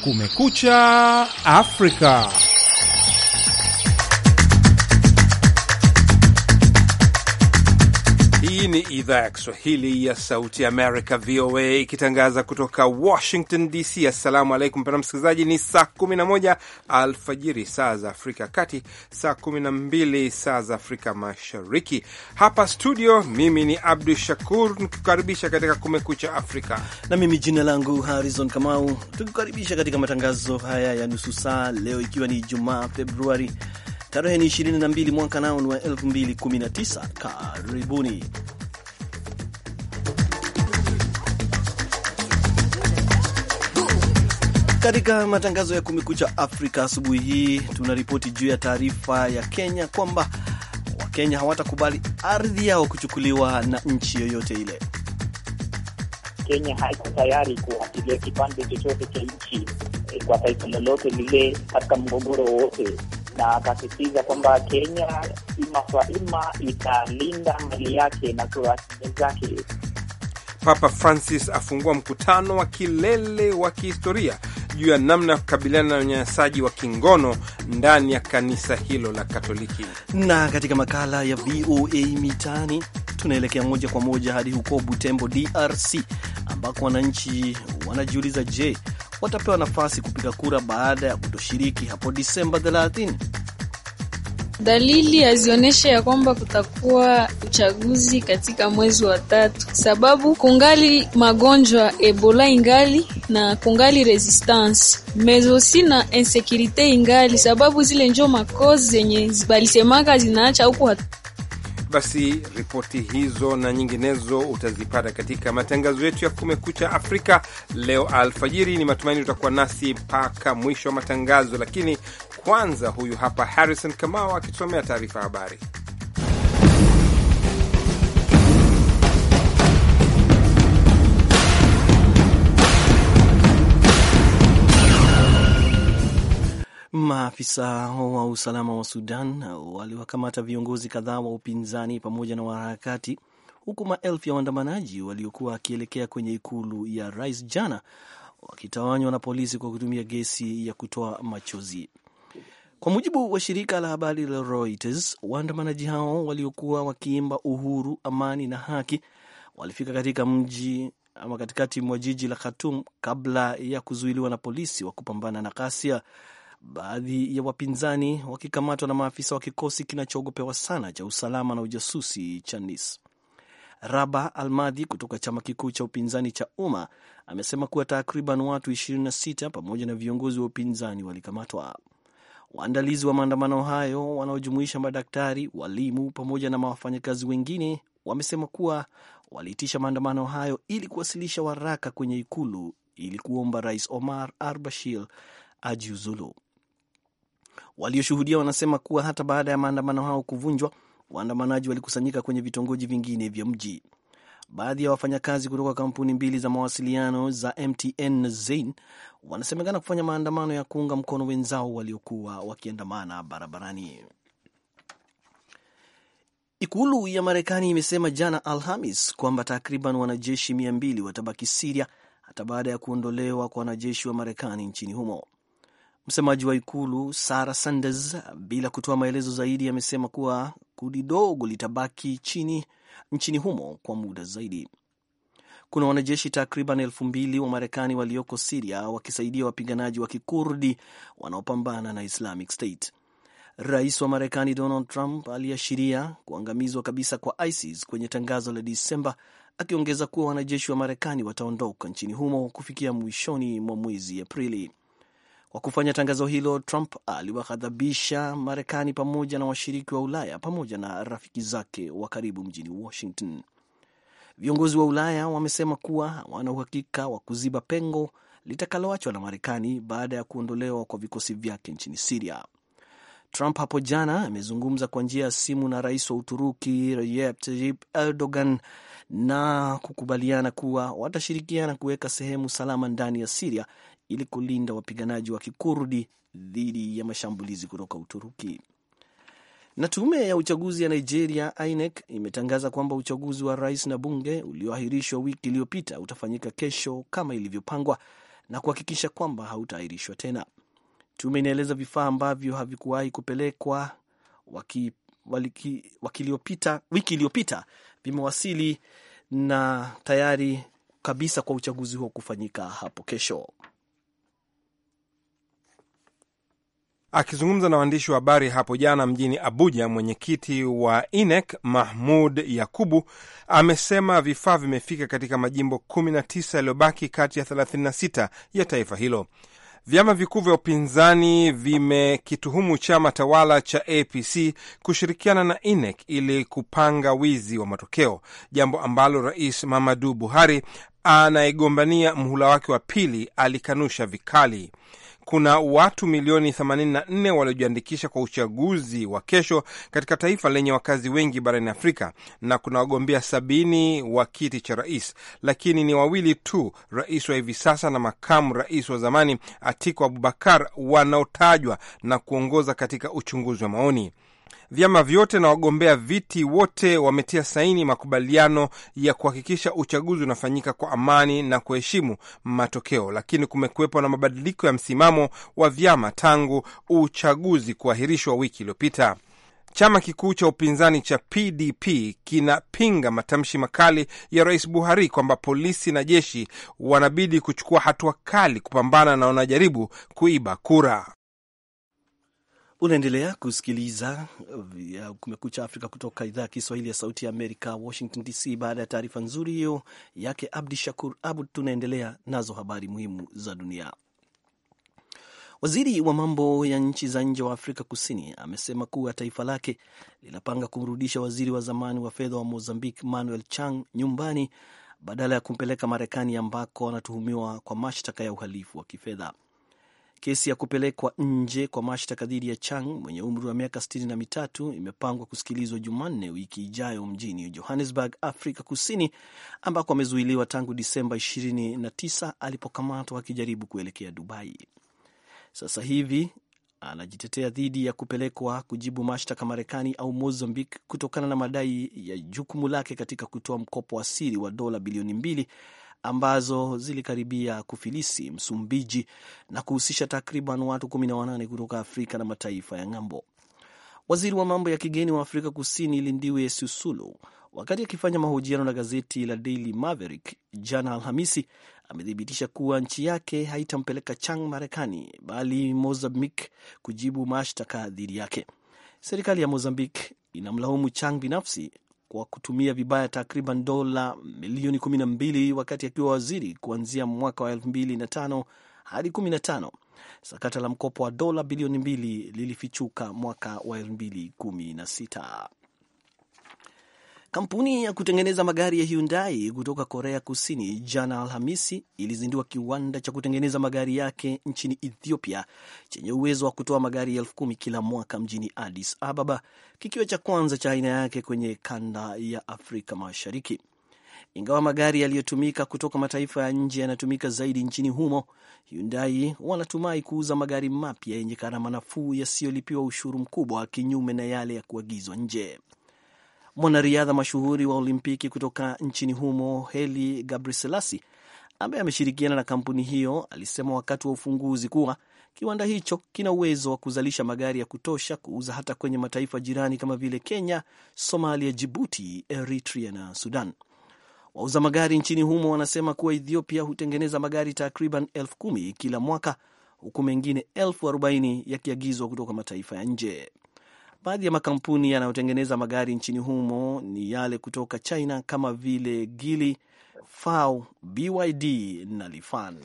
Kumekucha Afrika. Hii ni idhaa ya Kiswahili ya Sauti Amerika, VOA, ikitangaza kutoka Washington DC. Assalamu alaikum pena msikilizaji, ni saa 11 alfajiri saa za Afrika Kati, saa 12 saa za Afrika Mashariki. Hapa studio, mimi ni Abdu Shakur nikikukaribisha katika Kumekucha Afrika na mimi jina langu Harrison Kamau, tukikukaribisha katika matangazo haya ya nusu saa leo, ikiwa ni Ijumaa Februari Tarehe ni 22 mwaka nao ni wa 2019. Karibuni. Katika matangazo ya Kumekucha Afrika asubuhi hii tunaripoti juu ya taarifa ya Kenya kwamba Wakenya hawatakubali ardhi yao kuchukuliwa na nchi yoyote ile. Kenya haiko tayari kuachilia kipande chochote cha nchi eh, kwa taifa lolote lile katika mgogoro wowote na akasisitiza kwamba Kenya ima kwa ima italinda mali yake na rasilimali zake. Papa Francis afungua mkutano wa kilele wa kihistoria juu ya namna ya kukabiliana na unyanyasaji wa kingono ndani ya kanisa hilo la Katoliki. Na katika makala ya VOA Mitaani tunaelekea moja kwa moja hadi huko Butembo, DRC, ambako wananchi wanajiuliza, je, watapewa nafasi kupiga kura baada ya kutoshiriki hapo Disemba 30. Dalili hazionyeshe ya kwamba kutakuwa uchaguzi katika mwezi wa tatu, sababu kungali magonjwa Ebola ingali na kungali resistance mezosi na insecurity ingali, sababu zile njo makozi zenye balisemaka zinaacha huku basi ripoti hizo na nyinginezo utazipata katika matangazo yetu ya Kumekucha Afrika leo alfajiri. Ni matumaini utakuwa nasi mpaka mwisho wa matangazo, lakini kwanza, huyu hapa Harrison Kamau akitusomea taarifa habari. Maafisa wa usalama wa Sudan waliwakamata viongozi kadhaa wa upinzani pamoja na waharakati huku maelfu ya waandamanaji waliokuwa wakielekea kwenye ikulu ya rais jana wakitawanywa na polisi kwa kutumia gesi ya kutoa machozi. Kwa mujibu wa shirika la habari la Reuters, waandamanaji hao waliokuwa wakiimba uhuru, amani na haki walifika katika mji ama katikati mwa jiji la Khartoum kabla ya kuzuiliwa na polisi wa kupambana na ghasia baadhi ya wapinzani wakikamatwa na maafisa wa kikosi kinachoogopewa sana cha usalama na ujasusi cha NIS. Raba Almadhi kutoka chama kikuu cha upinzani cha Umma amesema kuwa takriban watu 26 pamoja na viongozi wa upinzani walikamatwa. Waandalizi wa maandamano hayo wanaojumuisha madaktari, walimu pamoja na wafanyakazi wengine wamesema kuwa waliitisha maandamano hayo ili kuwasilisha waraka kwenye ikulu ili kuomba rais Omar al Bashir ajiuzulu. Walioshuhudia wanasema kuwa hata baada ya maandamano hao kuvunjwa, waandamanaji walikusanyika kwenye vitongoji vingine vya mji. Baadhi ya wafanyakazi kutoka kampuni mbili za mawasiliano za MTN Zain wanasemekana kufanya maandamano ya kuunga mkono wenzao waliokuwa wakiandamana barabarani. Ikulu ya Marekani imesema jana Alhamis kwamba takriban wanajeshi mia mbili watabaki Siria hata baada ya kuondolewa kwa wanajeshi wa Marekani nchini humo. Msemaji wa ikulu Sara Sanders, bila kutoa maelezo zaidi, amesema kuwa kundi dogo litabaki chini nchini humo kwa muda zaidi. Kuna wanajeshi takriban elfu mbili wa Marekani walioko Siria wakisaidia wapiganaji wa kikurdi wanaopambana na Islamic State. Rais wa Marekani Donald Trump aliashiria kuangamizwa kabisa kwa ISIS kwenye tangazo la Disemba, akiongeza kuwa wanajeshi wa Marekani wataondoka nchini humo kufikia mwishoni mwa mwezi Aprili. Kwa kufanya tangazo hilo, Trump aliwaghadhabisha Marekani pamoja na washiriki wa Ulaya pamoja na rafiki zake wa karibu mjini Washington. Viongozi wa Ulaya wamesema kuwa hawana uhakika wa kuziba pengo litakaloachwa na Marekani baada ya kuondolewa kwa vikosi vyake nchini Siria. Trump hapo jana amezungumza kwa njia ya simu na rais wa Uturuki Recep Tayyip Erdogan na kukubaliana kuwa watashirikiana kuweka sehemu salama ndani ya Siria ili kulinda wapiganaji wa kikurdi dhidi ya mashambulizi kutoka Uturuki. Na tume ya uchaguzi ya Nigeria, INEC, imetangaza kwamba uchaguzi wa rais na bunge ulioahirishwa wiki iliyopita utafanyika kesho kama ilivyopangwa na kuhakikisha kwamba hautaahirishwa tena. Tume inaeleza vifaa ambavyo havikuwahi kupelekwa waki, wiki iliyopita vimewasili na tayari kabisa kwa uchaguzi huo kufanyika hapo kesho. Akizungumza na waandishi wa habari hapo jana mjini Abuja, mwenyekiti wa INEC Mahmud Yakubu amesema vifaa vimefika katika majimbo 19 yaliyobaki kati ya 36 ya taifa hilo. Vyama vikuu vya upinzani vimekituhumu chama tawala cha APC kushirikiana na INEC ili kupanga wizi wa matokeo, jambo ambalo Rais Muhammadu Buhari anayegombania mhula wake wa pili alikanusha vikali kuna watu milioni 84 waliojiandikisha kwa uchaguzi wa kesho katika taifa lenye wakazi wengi barani Afrika, na kuna wagombea sabini wa kiti cha rais, lakini ni wawili tu, rais wa hivi sasa na makamu rais wa zamani Atiku Abubakar, wanaotajwa na kuongoza katika uchunguzi wa maoni. Vyama vyote na wagombea viti wote wametia saini makubaliano ya kuhakikisha uchaguzi unafanyika kwa amani na kuheshimu matokeo, lakini kumekuwepo na mabadiliko ya msimamo wa vyama tangu uchaguzi kuahirishwa wiki iliyopita. Chama kikuu cha upinzani cha PDP kinapinga matamshi makali ya Rais Buhari kwamba polisi na jeshi wanabidi kuchukua hatua kali kupambana na wanajaribu kuiba kura. Unaendelea kusikiliza eh, Kumekucha Afrika kutoka idhaa ya Kiswahili ya Sauti ya Amerika, Washington DC. Baada ya taarifa nzuri hiyo yake Abdi Shakur Abud, tunaendelea nazo habari muhimu za dunia. Waziri wa mambo ya nchi za nje wa Afrika Kusini amesema kuwa taifa lake linapanga kumrudisha waziri wa zamani wa fedha wa Mozambique Manuel Chang nyumbani badala ya kumpeleka Marekani ambako anatuhumiwa kwa mashtaka ya uhalifu wa kifedha. Kesi ya kupelekwa nje kwa mashtaka dhidi ya Chang mwenye umri wa miaka sitini na mitatu imepangwa kusikilizwa Jumanne wiki ijayo mjini Johannesburg, Afrika Kusini, ambako amezuiliwa tangu Disemba 29 alipokamatwa akijaribu kuelekea Dubai. Sasa hivi anajitetea dhidi ya kupelekwa kujibu mashtaka Marekani au Mozambique kutokana na madai ya jukumu lake katika kutoa mkopo wa siri wa dola bilioni mbili ambazo zilikaribia kufilisi Msumbiji na kuhusisha takriban watu 18 kutoka Afrika na mataifa ya ng'ambo. Waziri wa mambo ya kigeni wa Afrika Kusini Lindiwe Sisulu, wakati akifanya mahojiano na gazeti la Daily Maverick jana Alhamisi, amethibitisha kuwa nchi yake haitampeleka Chang Marekani bali Mozambique kujibu mashtaka dhidi yake. Serikali ya Mozambique inamlaumu Chang binafsi kwa kutumia vibaya takriban dola milioni 12 wakati akiwa waziri kuanzia mwaka wa 2005 hadi 15. Sakata la mkopo wa dola bilioni 2 lilifichuka mwaka wa 2016. Kampuni ya kutengeneza magari ya Hyundai kutoka Korea Kusini jana Alhamisi ilizindua kiwanda cha kutengeneza magari yake nchini Ethiopia chenye uwezo wa kutoa magari elfu kumi kila mwaka mjini Addis Ababa, kikiwa cha kwanza cha aina yake kwenye kanda ya Afrika Mashariki. Ingawa magari yaliyotumika kutoka mataifa ya nje yanatumika zaidi nchini humo, Hyundai wanatumai kuuza magari mapya yenye gharama nafuu yasiyolipiwa ushuru mkubwa, kinyume na yale ya kuagizwa nje mwanariadha mashuhuri wa Olimpiki kutoka nchini humo Heli Gabriselasi, ambaye ameshirikiana na kampuni hiyo, alisema wakati wa ufunguzi kuwa kiwanda hicho kina uwezo wa kuzalisha magari ya kutosha kuuza hata kwenye mataifa jirani kama vile Kenya, Somalia, Jibuti, Eritrea na Sudan. Wauza magari nchini humo wanasema kuwa Ethiopia hutengeneza magari takriban elfu kumi kila mwaka huku mengine elfu arobaini yakiagizwa kutoka mataifa ya nje. Baadhi ya makampuni yanayotengeneza magari nchini humo ni yale kutoka China kama vile Geely, FAW, BYD na Lifan.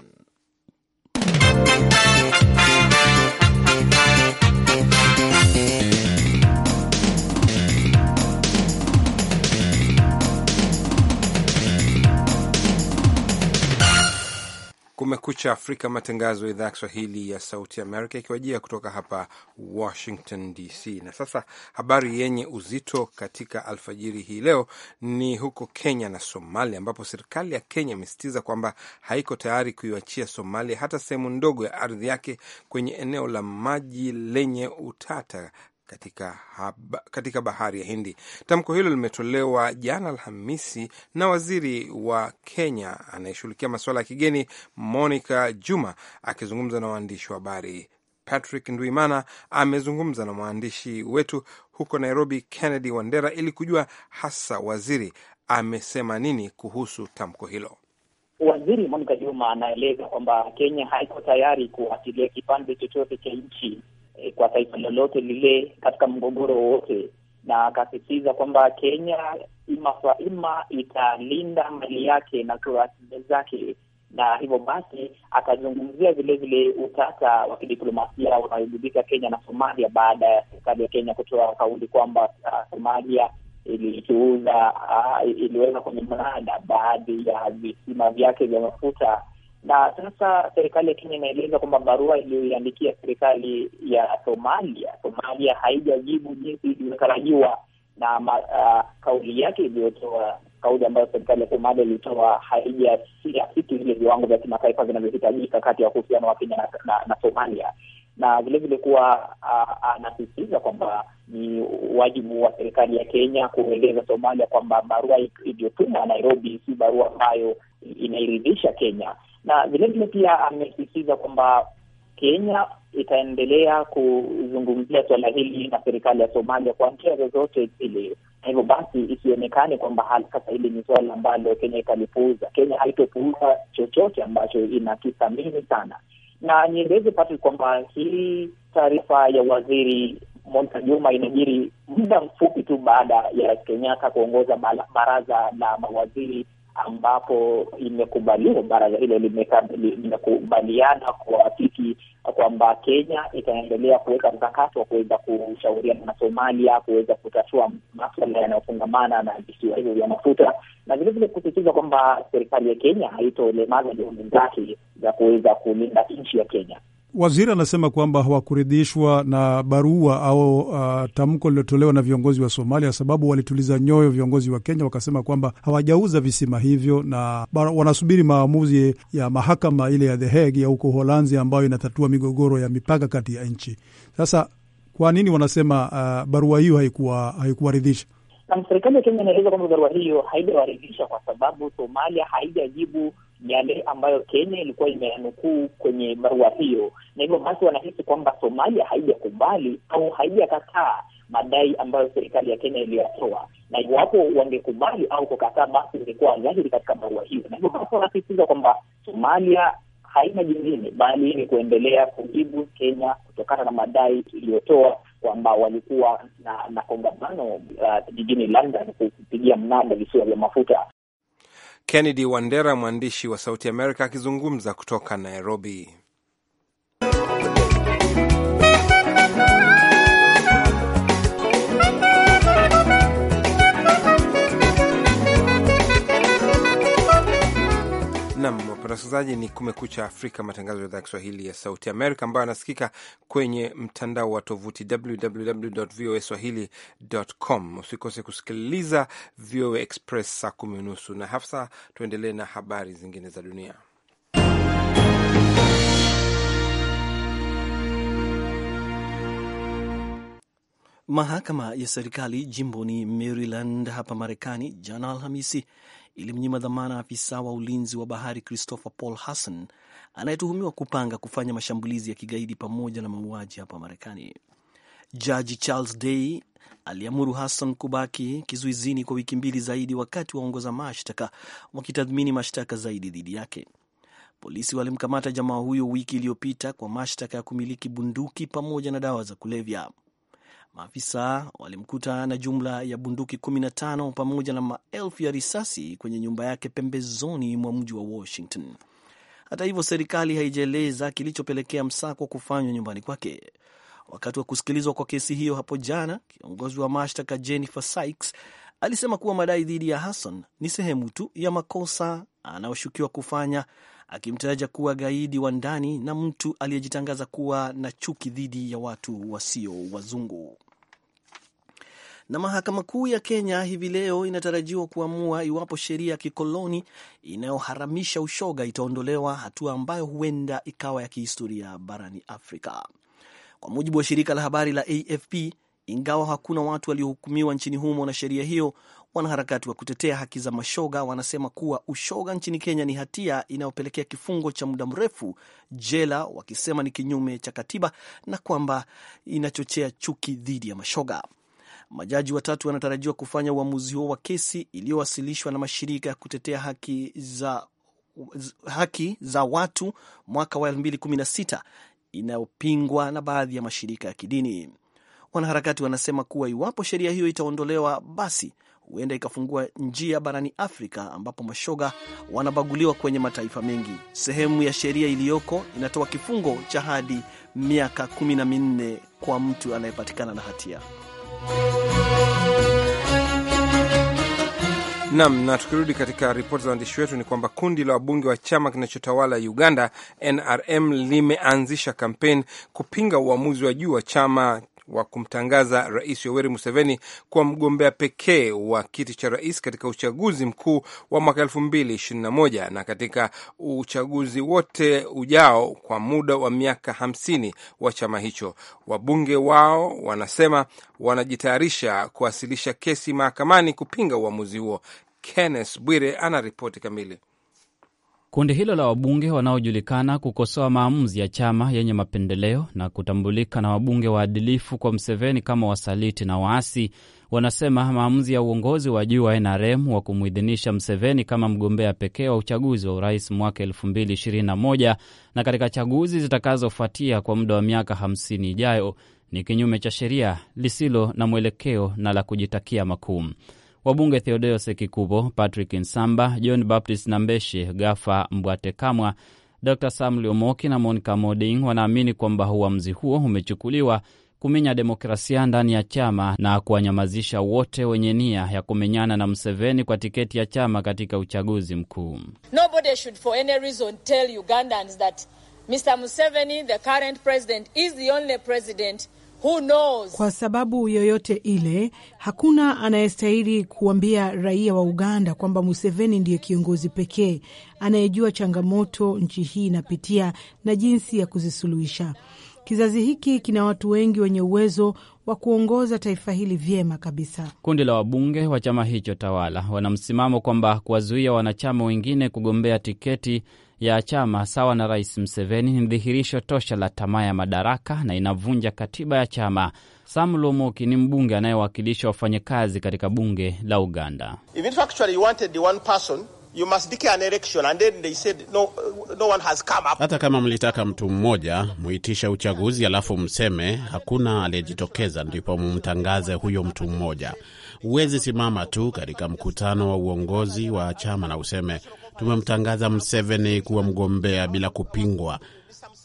Kumekucha Afrika, matangazo ya idhaa ya Kiswahili ya Sauti Amerika ikiwajia kutoka hapa Washington DC. Na sasa habari yenye uzito katika alfajiri hii leo ni huko Kenya na Somalia, ambapo serikali ya Kenya imesisitiza kwamba haiko tayari kuiachia Somalia hata sehemu ndogo ya ardhi yake kwenye eneo la maji lenye utata katika, haba, katika bahari ya Hindi. Tamko hilo limetolewa jana Alhamisi na waziri wa Kenya anayeshughulikia masuala ya kigeni Monica Juma akizungumza na waandishi wa habari. Patrick Ndwimana amezungumza na mwandishi wetu huko Nairobi, Kennedy Wandera, ili kujua hasa waziri amesema nini kuhusu tamko hilo. Waziri Monica Juma anaeleza kwamba Kenya haiko tayari kuachilia kipande chochote cha nchi e, kwa taifa lolote lile katika mgogoro wowote, na akasisitiza kwamba Kenya ima kwa ima italinda mali yake na rasilimali zake, na hivyo basi akazungumzia vilevile utata wa kidiplomasia unaoigubika Kenya na Somalia baada ya serikali ya Kenya kutoa kauli kwamba uh, Somalia ilikiuza uh, ah, iliweza kwenye mnada baadhi ya visima vyake vya mafuta na sasa serikali ya Kenya inaeleza kwamba barua iliyoiandikia serikali ya Somalia, Somalia haijajibu jinsi ilivyotarajiwa na uh, kauli yake iliyotoa kauli ambayo serikali ya Somalia ilitoa haijasiafiki vile viwango vya kimataifa vinavyohitajika kati ya uhusiano wa Kenya na, na, na Somalia na vilevile kuwa anasisitiza kwamba ni wajibu wa serikali ya Kenya kueleza Somalia kwamba barua iliyotumwa Nairobi si barua ambayo inairidhisha Kenya na vilevile pia amesisitiza kwamba Kenya itaendelea kuzungumzia suala hili na serikali ya Somalia kwa njia zozote zile. Na hivyo basi isionekane kwamba hali sasa hili ni suala ambalo Kenya italipuuza. Kenya haitopuuza chochote ambacho inakithamini sana, na nieleze Patrick kwamba hii taarifa ya waziri Monica Juma inajiri muda mfupi tu baada ya Rais Kenyatta kuongoza baraza la mawaziri ambapo imekubaliwa, baraza hilo limekubaliana kuafiki kwamba Kenya itaendelea kuweka mkakati wa kuweza kushauriana na Somalia kuweza kutatua maswala yanayofungamana na visiwa hivyo vya mafuta, na vilevile kusisitiza kwamba serikali ya Kenya haitolemaza juhudi zake za kuweza kulinda nchi ya Kenya. Waziri anasema kwamba hawakuridhishwa na barua au uh, tamko lililotolewa na viongozi wa Somalia, sababu walituliza nyoyo viongozi wa Kenya wakasema kwamba hawajauza visima hivyo na wanasubiri maamuzi ya mahakama ile ya The Hague ya huko Holanzi ambayo inatatua migogoro ya mipaka kati ya nchi. Sasa kwa nini wanasema uh, barua hiyo haikuwa haikuwaridhisha? Na serikali ya Kenya inaeleza kwamba barua hiyo haijawaridhisha kwa sababu Somalia haijajibu yale ambayo Kenya ilikuwa imeyanukuu kwenye barua hiyo, na hivyo basi wanahisi kwamba Somalia haijakubali au haijakataa madai ambayo serikali ya Kenya iliyatoa, na iwapo wangekubali au kukataa, basi ingekuwa dhahiri katika barua hiyo. Na hivyo basi wanasisitiza kwamba Somalia haina jingine bali ni kuendelea kujibu Kenya kutokana na madai iliyotoa kwamba walikuwa na, na kongamano uh, jijini London kupigia mnada visiwa vya mafuta Kennedy Wandera, mwandishi wa Sauti Amerika akizungumza kutoka Nairobi. wasikilizaji, ni Kumekucha Afrika, matangazo ya idhaa ya Kiswahili ya Sauti Amerika ambayo anasikika kwenye mtandao wa tovuti www voa swahili.com. Usikose kusikiliza VOA Express saa kumi unusu na hafsa. Tuendelee na habari zingine za dunia. Mahakama ya serikali jimboni Maryland hapa Marekani jana Alhamisi ilimnyima dhamana afisa wa ulinzi wa bahari Christopher Paul Hassan anayetuhumiwa kupanga kufanya mashambulizi ya kigaidi pamoja na mauaji hapa Marekani. Jaji Charles Day aliamuru Hassan kubaki kizuizini kwa wiki mbili zaidi, wakati waongoza mashtaka wakitathmini mashtaka zaidi dhidi yake. Polisi walimkamata jamaa huyo wiki iliyopita kwa mashtaka ya kumiliki bunduki pamoja na dawa za kulevya. Maafisa walimkuta na jumla ya bunduki 15 pamoja na maelfu ya risasi kwenye nyumba yake pembezoni mwa mji wa Washington. Hata hivyo, serikali haijaeleza kilichopelekea msako kufanywa nyumbani kwake. Wakati wa kusikilizwa kwa kesi hiyo hapo jana, kiongozi wa mashtaka Jennifer Sykes alisema kuwa madai dhidi ya Hassan ni sehemu tu ya makosa anayoshukiwa kufanya, akimtaja kuwa gaidi wa ndani na mtu aliyejitangaza kuwa na chuki dhidi ya watu wasio wazungu na mahakama kuu ya Kenya hivi leo inatarajiwa kuamua iwapo sheria ya kikoloni inayoharamisha ushoga itaondolewa, hatua ambayo huenda ikawa ya kihistoria barani Afrika, kwa mujibu wa shirika la habari la AFP. Ingawa hakuna watu waliohukumiwa nchini humo na sheria hiyo, wanaharakati wa kutetea haki za mashoga wanasema kuwa ushoga nchini Kenya ni hatia inayopelekea kifungo cha muda mrefu jela, wakisema ni kinyume cha katiba na kwamba inachochea chuki dhidi ya mashoga. Majaji watatu wanatarajiwa kufanya uamuzi huo wa kesi iliyowasilishwa na mashirika ya kutetea haki za, haki za watu mwaka wa 2016 inayopingwa na baadhi ya mashirika ya kidini. Wanaharakati wanasema kuwa iwapo sheria hiyo itaondolewa, basi huenda ikafungua njia barani Afrika ambapo mashoga wanabaguliwa kwenye mataifa mengi. Sehemu ya sheria iliyoko inatoa kifungo cha hadi miaka kumi na minne kwa mtu anayepatikana na hatia. Nam, na tukirudi katika ripoti za waandishi wetu ni kwamba kundi la wabunge wa chama kinachotawala Uganda NRM limeanzisha kampeni kupinga uamuzi wa juu wa chama wa kumtangaza Rais Yoweri Museveni kuwa mgombea pekee wa kiti cha rais katika uchaguzi mkuu wa mwaka elfu mbili ishirini na moja na katika uchaguzi wote ujao kwa muda wa miaka hamsini wa chama hicho. Wabunge wao wanasema wanajitayarisha kuwasilisha kesi mahakamani kupinga uamuzi huo. Kenneth Bwire ana ripoti kamili. Kundi hilo la wabunge wanaojulikana kukosoa maamuzi ya chama yenye mapendeleo na kutambulika na wabunge waadilifu kwa Mseveni kama wasaliti na waasi, wanasema maamuzi ya uongozi wa juu wa NRM wa kumwidhinisha Mseveni kama mgombea pekee wa uchaguzi wa urais mwaka 2021 na katika chaguzi zitakazofuatia kwa muda wa miaka 50 ijayo ni kinyume cha sheria, lisilo na mwelekeo na la kujitakia makuu. Wabunge Theodeus Kikubo, Patrick Nsamba, John Baptist Nambeshe, Gafa Mbwatekamwa, Dr Samuel Omoki na Monica Moding wanaamini kwamba uamuzi huo umechukuliwa kuminya demokrasia ndani ya chama na kuwanyamazisha wote wenye nia ya kumenyana na Mseveni kwa tiketi ya chama katika uchaguzi mkuu. Mr. Museveni, the current president, is the only president Who knows? Kwa sababu yoyote ile, hakuna anayestahili kuambia raia wa Uganda kwamba Museveni ndiye kiongozi pekee anayejua changamoto nchi hii inapitia na jinsi ya kuzisuluhisha. Kizazi hiki kina watu wengi wenye uwezo wa kuongoza taifa hili vyema kabisa. Kundi la wabunge wa chama hicho tawala wana msimamo kwamba kuwazuia wanachama wengine kugombea tiketi ya chama sawa na Rais Mseveni ni dhihirisho tosha la tamaa ya madaraka na inavunja katiba ya chama. Sam Lumoki ni mbunge anayewakilisha wafanyakazi katika bunge la Uganda. Uh, Hata kama mlitaka mtu mmoja, muitishe uchaguzi alafu mseme hakuna aliyejitokeza, ndipo mumtangaze huyo mtu mmoja. Huwezi simama tu katika mkutano wa uongozi wa chama na useme tumemtangaza Mseveni kuwa mgombea bila kupingwa.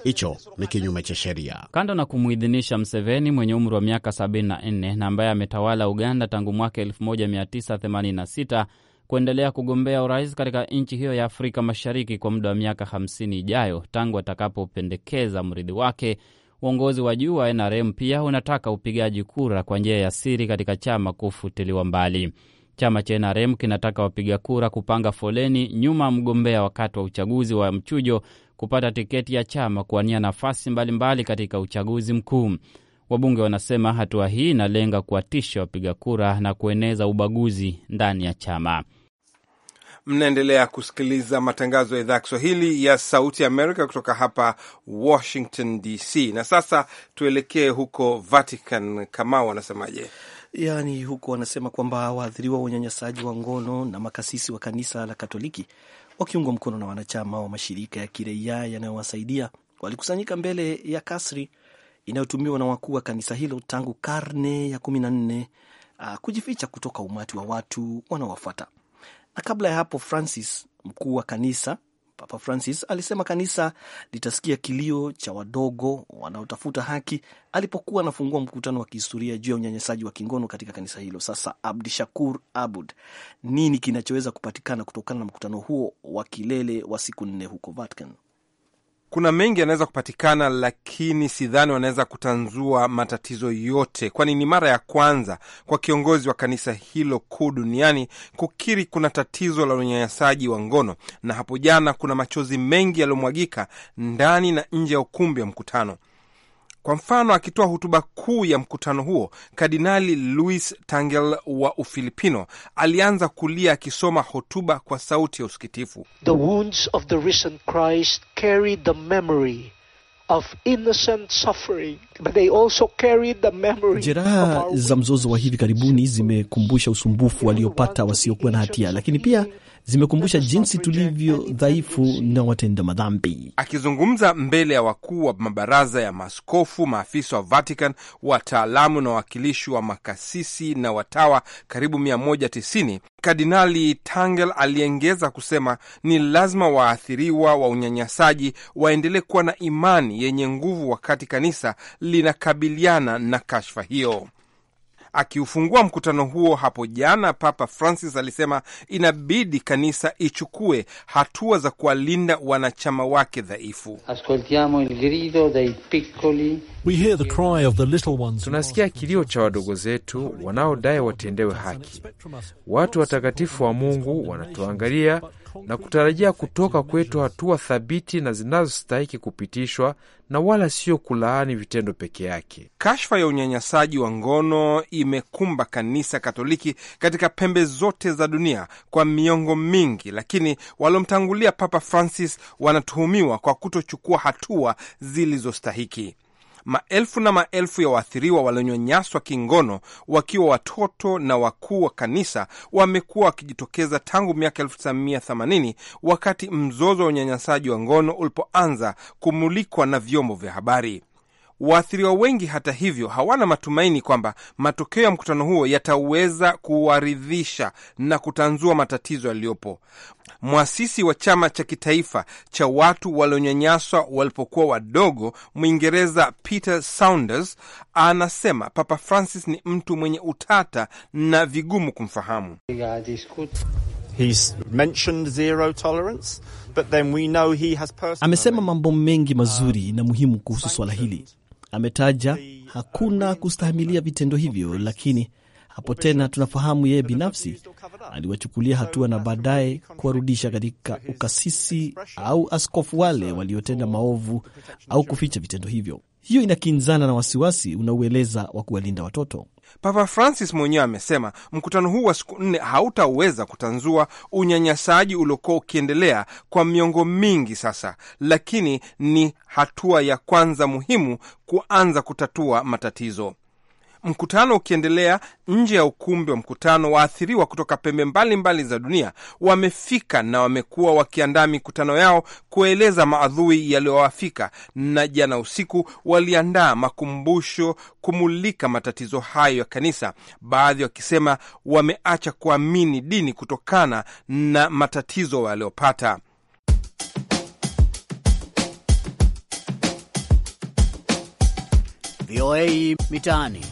Hicho ni kinyume cha sheria. Kando na kumuidhinisha Mseveni mwenye umri wa miaka 74 na ambaye ametawala Uganda tangu mwaka 1986 kuendelea kugombea urais katika nchi hiyo ya Afrika Mashariki kwa muda wa miaka 50 ijayo tangu atakapopendekeza mrithi wake. Uongozi wa juu wa NRM pia unataka upigaji kura kwa njia ya siri katika chama kufutiliwa mbali. Chama cha NRM kinataka wapiga kura kupanga foleni nyuma mgombea wakati wa uchaguzi wa mchujo kupata tiketi ya chama kuwania nafasi mbalimbali katika uchaguzi mkuu. Wabunge wanasema hatua hii inalenga kuwatisha wapiga kura na kueneza ubaguzi ndani ya chama. Mnaendelea kusikiliza matangazo ya idhaa ya Kiswahili ya Sauti Amerika kutoka hapa Washington DC. Na sasa tuelekee huko Vatican. Kamau anasemaje? yaani huku wanasema kwamba waathiriwa wa unyanyasaji wa ngono na makasisi wa kanisa la Katoliki wakiungwa mkono na wanachama wa mashirika ya kiraia yanayowasaidia walikusanyika mbele ya kasri inayotumiwa na wakuu wa kanisa hilo tangu karne ya kumi na nne ah, kujificha kutoka umati wa watu wanaowafuata. Na kabla ya hapo, Francis, mkuu wa kanisa Papa Francis alisema kanisa litasikia kilio cha wadogo wanaotafuta haki alipokuwa anafungua mkutano wa kihistoria juu ya unyanyasaji wa kingono katika kanisa hilo. Sasa, Abdi Shakur Abud, nini kinachoweza kupatikana kutokana na mkutano huo wa kilele wa siku nne huko Vatican? kuna mengi yanaweza kupatikana, lakini sidhani wanaweza kutanzua matatizo yote, kwani ni mara ya kwanza kwa kiongozi wa kanisa hilo kuu duniani kukiri kuna tatizo la unyanyasaji wa ngono. Na hapo jana kuna machozi mengi yaliyomwagika ndani na nje ya ukumbi wa mkutano. Kwa mfano, akitoa hotuba kuu ya mkutano huo, Kardinali Luis Tangel wa Ufilipino alianza kulia akisoma hotuba kwa sauti ya usikitifu. The wounds of the risen Christ carry the memory Jeraha za mzozo wa hivi karibuni zimekumbusha usumbufu waliopata wasiokuwa na hatia, lakini pia zimekumbusha jinsi tulivyo dhaifu na watenda madhambi. Akizungumza mbele ya wakuu wa mabaraza ya maaskofu, maafisa wa Vatican, wataalamu na wawakilishi wa makasisi na watawa karibu 190, Kardinali Tangel aliengeza kusema ni lazima waathiriwa wa unyanyasaji waendelee kuwa na imani yenye nguvu wakati kanisa linakabiliana na kashfa hiyo. Akiufungua mkutano huo hapo jana, Papa Francis alisema inabidi kanisa ichukue hatua za kuwalinda wanachama wake dhaifu. Ascoltiamo il grido dei piccoli Tunasikia kilio cha wadogo zetu wanaodai watendewe haki. Watu watakatifu wa Mungu wanatuangalia na kutarajia kutoka kwetu hatua thabiti na zinazostahiki kupitishwa na wala sio kulaani vitendo peke yake. Kashfa ya unyanyasaji wa ngono imekumba kanisa Katoliki katika pembe zote za dunia kwa miongo mingi, lakini waliomtangulia Papa Francis wanatuhumiwa kwa kutochukua hatua zilizostahiki. Maelfu na maelfu ya waathiriwa walionyanyaswa kingono wakiwa watoto na wakuu wa kanisa wamekuwa wakijitokeza tangu miaka 1980 wakati mzozo wa unyanyasaji wa ngono ulipoanza kumulikwa na vyombo vya habari. Waathiriwa wengi hata hivyo hawana matumaini kwamba matokeo ya mkutano huo yataweza kuwaridhisha na kutanzua matatizo yaliyopo. Mwasisi wa chama cha kitaifa cha watu walionyanyaswa walipokuwa wadogo, Mwingereza Peter Saunders anasema Papa Francis ni mtu mwenye utata na vigumu kumfahamu. amesema mambo mengi mazuri na muhimu kuhusu swala hili, Ametaja hakuna kustahimilia vitendo hivyo, lakini hapo tena tunafahamu yeye binafsi aliwachukulia hatua na baadaye kuwarudisha katika ukasisi au askofu wale waliotenda maovu au kuficha vitendo hivyo. Hiyo inakinzana na wasiwasi unaoeleza wa kuwalinda watoto. Papa Francis mwenyewe amesema mkutano huu wa siku nne hautaweza kutanzua unyanyasaji uliokuwa ukiendelea kwa miongo mingi sasa, lakini ni hatua ya kwanza muhimu kuanza kutatua matatizo. Mkutano ukiendelea nje ya ukumbi wa mkutano, waathiriwa kutoka pembe mbalimbali mbali za dunia wamefika na wamekuwa wakiandaa mikutano yao kueleza maadhui yaliyowafika, na jana usiku waliandaa makumbusho kumulika matatizo hayo ya kanisa, baadhi wakisema wameacha kuamini dini kutokana na matatizo waliopata. VOA Mitaani.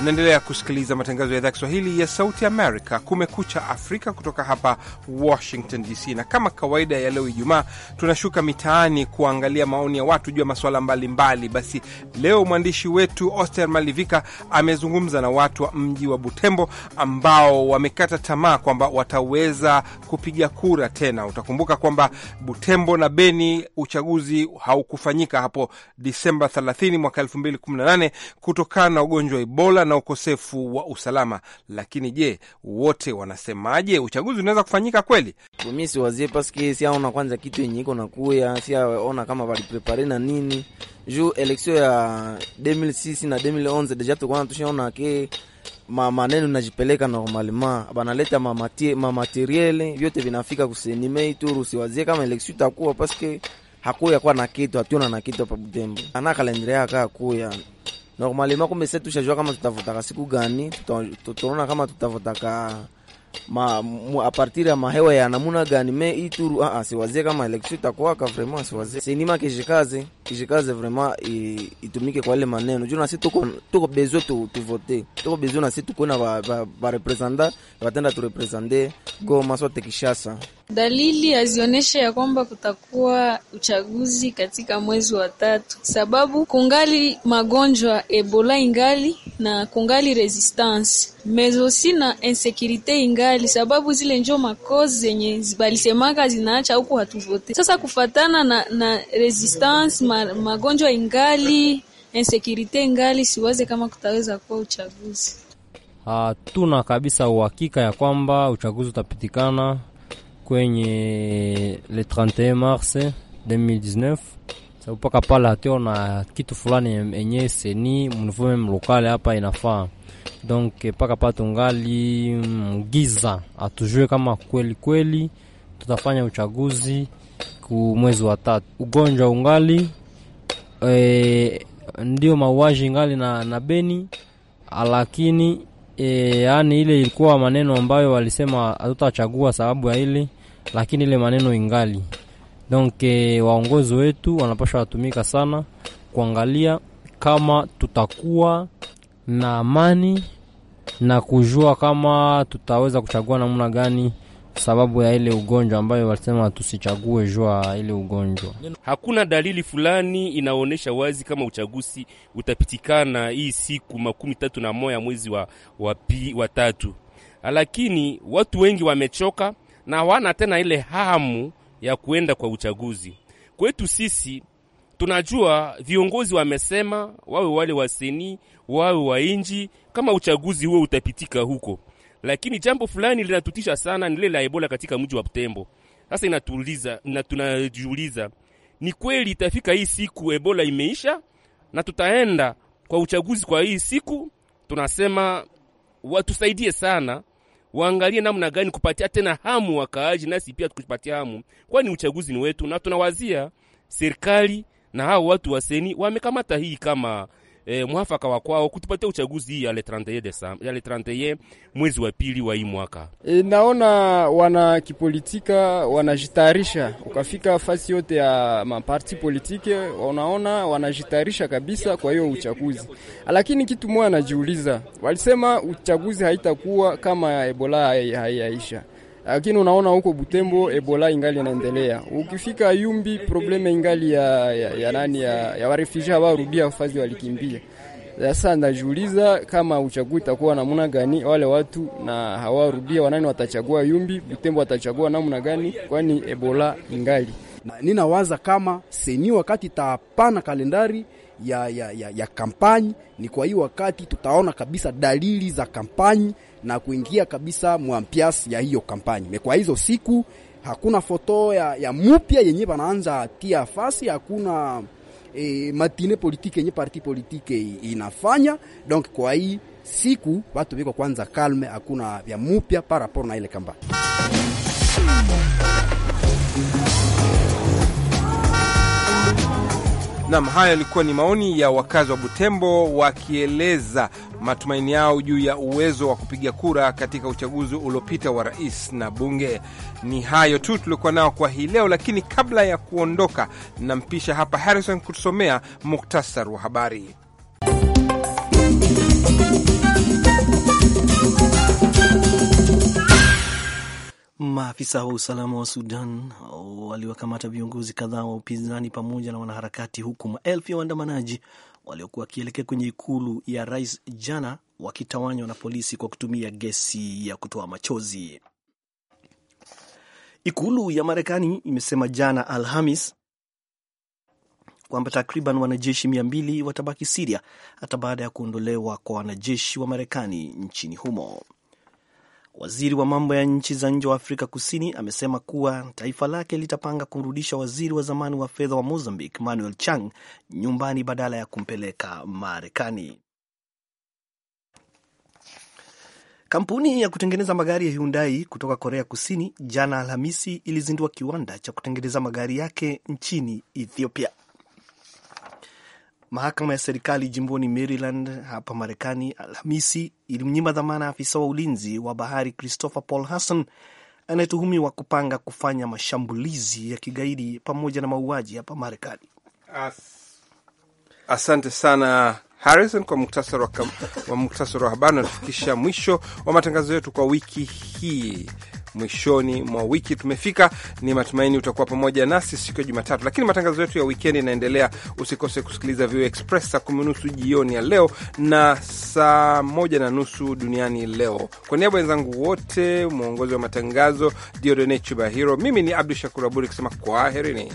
Unaendelea kusikiliza matangazo ya idhaa Kiswahili ya Sauti Amerika, Kumekucha Afrika, kutoka hapa Washington DC. Na kama kawaida ya leo Ijumaa, tunashuka mitaani kuangalia maoni ya watu juu ya masuala mbalimbali. Basi leo mwandishi wetu Oster Malivika amezungumza na watu wa mji wa Butembo ambao wamekata tamaa kwamba wataweza kupiga kura tena. Utakumbuka kwamba Butembo na Beni uchaguzi haukufanyika hapo Disemba 30 mwaka 2018 kutokana na ugonjwa wa Ebola na ukosefu wa usalama. Lakini je, wote wanasemaje? Uchaguzi unaweza kufanyika kweli? Mi siwazie paski siaona kwanza kitu yenye iko nakuya, siaona kama waliprepare na nini juu eleksio ya 2006 na 2011 deja tukwana tushaona ke maneno najipeleka normalema banaleta mamateriele vyote vinafika kusenime Ituri. Usiwazie kama eleksio itakuwa paske hakuya kwa na kitu hatuona na kitu pa Butembo ana kalendria akaa kuya Normalement comme sasa tushajua kama tutavotaka siku gani, tutaona kama tutavotaka ma a partir ya mahewa ya namuna gani, me ituru ah ah, siwazie kama election itakuwa ka vraiment siwazie, c'est nima kijikaze kijikaze vraiment itumike kwa ile maneno juu, na sisi tuko tuko besoin tu tu voter, tuko besoin na sisi tuko na ba ba representa batenda tu representer Goma sote Kishasa Dalili hazionyeshe ya kwamba kutakuwa uchaguzi katika mwezi wa tatu sababu kungali magonjwa Ebola ingali na kungali resistance mezosi na insécurité ingali sababu zile njo makozi zenye balisemaka zinaacha huku hatuvote. Sasa kufatana na, na resistance ma, magonjwa ingali insécurité ingali, siwaze kama kutaweza kuwa uchaguzi. Hatuna kabisa uhakika ya kwamba uchaguzi utapitikana kwenye le 31 mars 2019 sababu paka pale hationa kitu fulani enye seni mnivume mlokale hapa inafaa donc paka pa tungali mgiza, atujue kama kweli kweli tutafanya uchaguzi ku mwezi wa tatu. Ugonjwa ungali e, ndio mauaji ngali na, na Beni lakini e, eh, yani ile ilikuwa maneno ambayo walisema hatutachagua sababu ya ile lakini ile maneno ingali donc eh, waongozi wetu wanapasha watumika sana kuangalia kama tutakuwa na amani na kujua kama tutaweza kuchagua namna gani sababu ya ile ugonjwa ambayo walisema tusichague jua ile ugonjwa. Hakuna dalili fulani inaonyesha wazi kama uchaguzi utapitikana hii siku makumi tatu na moja mwezi wa, wa, pi, wa tatu, lakini watu wengi wamechoka na hawana tena ile hamu ya kuenda kwa uchaguzi. Kwetu sisi tunajua viongozi wamesema, wawe wale waseni, wawe wa inji, kama uchaguzi huo utapitika huko, lakini jambo fulani linatutisha sana, ni lile la Ebola katika mji wa Butembo. Sasa inatuuliza na tunajiuliza, ni kweli itafika hii siku Ebola imeisha na tutaenda kwa uchaguzi kwa hii siku? Tunasema watusaidie sana waangalie namna gani kupatia tena hamu wakaaji, nasi pia tukupatia hamu, kwani uchaguzi ni wetu, na tunawazia serikali na hao watu waseni wamekamata hii kama e, mwafaka wa kwao kutupatia uchaguzi hii ya le 31 Desemba, ya le 31 mwezi wa pili wa hii mwaka. E, naona wana kipolitika wanajitayarisha, ukafika fasi yote ya maparti politike, unaona wanajitayarisha kabisa kwa hiyo uchaguzi, lakini kitu moja anajiuliza, walisema uchaguzi haitakuwa kama Ebola haiyaisha hai lakini unaona huko Butembo Ebola ingali inaendelea. Ukifika Yumbi probleme ingali ya, ya, ya nani ya, ya warefugia rudia wafazi walikimbia. Sasa najiuliza kama uchaguzi utakuwa namna gani, wale watu na hawarudia wanani watachagua Yumbi, Butembo watachagua namna gani? Kwani Ebola ingali. Na ninawaza kama seni wakati tapana kalendari ya, ya, ya, ya kampanyi. Ni kwa hiyo wakati tutaona kabisa dalili za kampanyi na kuingia kabisa mwampiasi ya hiyo kampanyi. Me kwa hizo siku hakuna foto ya, ya mupya yenye banaanza tia fasi, hakuna e, matine politike yenye parti politike inafanya. Donc kwa hii siku watu biko kwanza kalme, hakuna vya mupya par rapport na ile kampanyi. Nam, haya yalikuwa ni maoni ya wakazi wa Butembo wakieleza matumaini yao juu ya uwezo wa kupiga kura katika uchaguzi uliopita wa rais na bunge. Ni hayo tu tuliokuwa nao kwa hii leo, lakini kabla ya kuondoka, nampisha hapa Harrison kutusomea muktasar wa habari. Maafisa wa usalama wa Sudan waliwakamata viongozi kadhaa wa upinzani pamoja na wanaharakati, huku maelfu ya waandamanaji waliokuwa wakielekea kwenye ikulu ya rais jana wakitawanywa na polisi kwa kutumia gesi ya kutoa machozi. Ikulu ya Marekani imesema jana Alhamis kwamba takriban wanajeshi mia mbili watabaki Siria hata baada ya kuondolewa kwa wanajeshi wa Marekani nchini humo. Waziri wa mambo ya nchi za nje wa Afrika Kusini amesema kuwa taifa lake litapanga kumrudisha waziri wa zamani wa fedha wa Mozambique Manuel Chang nyumbani badala ya kumpeleka Marekani. Kampuni ya kutengeneza magari ya Hyundai kutoka Korea Kusini jana Alhamisi ilizindua kiwanda cha kutengeneza magari yake nchini Ethiopia. Mahakama ya serikali jimboni Maryland hapa Marekani Alhamisi ilimnyima dhamana afisa wa ulinzi wa bahari Christopher Paul Hassan anayetuhumiwa kupanga kufanya mashambulizi ya kigaidi pamoja na mauaji hapa Marekani. Asante sana Harrison kwa muktasari wa habari. Natufikisha mwisho wa matangazo yetu kwa wiki hii mwishoni mwa wiki tumefika. Ni matumaini utakuwa pamoja nasi siku ya Jumatatu, lakini matangazo yetu ya wikendi yanaendelea. Usikose kusikiliza VOA Express saa kumi nusu jioni ya leo na saa moja na nusu duniani leo. Kwa niaba wenzangu wote, mwongozi wa matangazo Diodone Chubahiro, mimi ni Abdu Shakur Aburi kusema kwaherini.